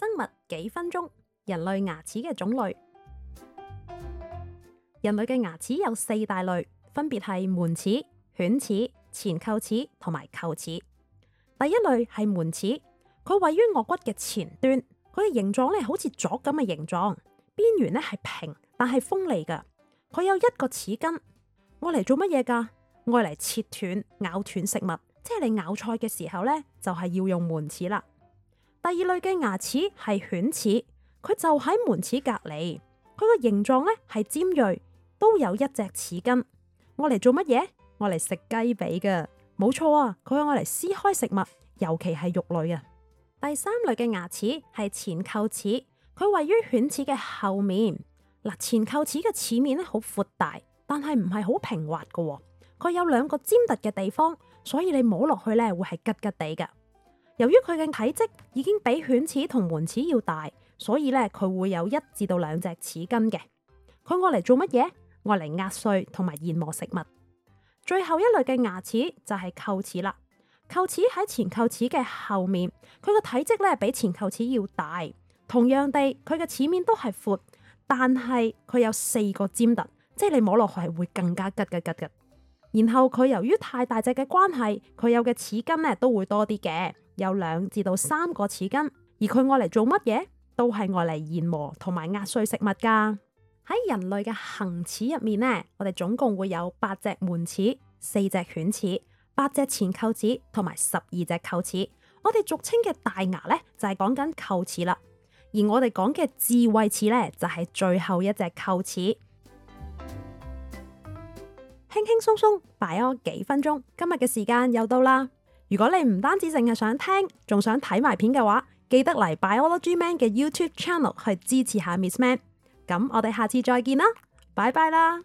生物幾分鐘，人類牙齒嘅種類。人類嘅牙齒有四大類，分別係門齒、犬齒、前臼齒同埋臼齒。第一類係門齒，佢位於顎骨嘅前端，佢嘅形狀咧好似鑿咁嘅形狀，邊緣咧係平但係鋒利嘅，佢有一個齒根。用嚟做乜嘢㗎？用嚟切斷、咬斷食物，即係你咬菜嘅時候呢，就係、是、要用門齒啦。第二類嘅牙齒係犬齒，佢就喺門齒隔籬，佢個形狀咧係尖銳，都有一隻齒根，用嚟做乜嘢？用嚟食雞髀㗎，冇錯啊！佢係用嚟撕開食物，尤其係肉類啊。第三類嘅牙齒係前臼齒，佢位於犬齒嘅後面。嗱，前臼齒嘅齒面咧好闊大，但係唔係好平滑㗎，佢有兩個尖突嘅地方，所以你摸落去咧會係吉吉地㗎。由於佢嘅體積已經比犬齒同門齒要大，所以咧佢會有一至到兩隻齒根嘅。佢愛嚟做乜嘢？愛嚟壓碎同埋研磨食物。最後一類嘅牙齒就係臼齒啦。臼齒喺前臼齒嘅後面，佢個體積咧比前臼齒要大。同樣地，佢嘅齒面都係闊，但係佢有四個尖突，即係你摸落去係會更加吉吉吉。然後佢由於太大隻嘅關係，佢有嘅齒根咧都會多啲嘅。有兩至到三個齒根，而佢愛嚟做乜嘢？都係愛嚟研磨同埋壓碎食物噶。喺人類嘅恒齒入面呢，我哋總共會有八隻門齒、四隻犬齒、八隻前臼齒同埋十二隻臼齒。我哋俗稱嘅大牙呢，就係講緊臼齒啦。而我哋講嘅智慧齒呢，就係、是、最後一隻臼齒。輕輕鬆鬆擺咗幾分鐘，今日嘅時間又到啦。如果你唔單止淨係想聽，仲想睇埋片嘅話，記得嚟 Biology Man 嘅 YouTube 頻道去支持下 Miss Man。咁我哋下次再見啦，拜拜啦！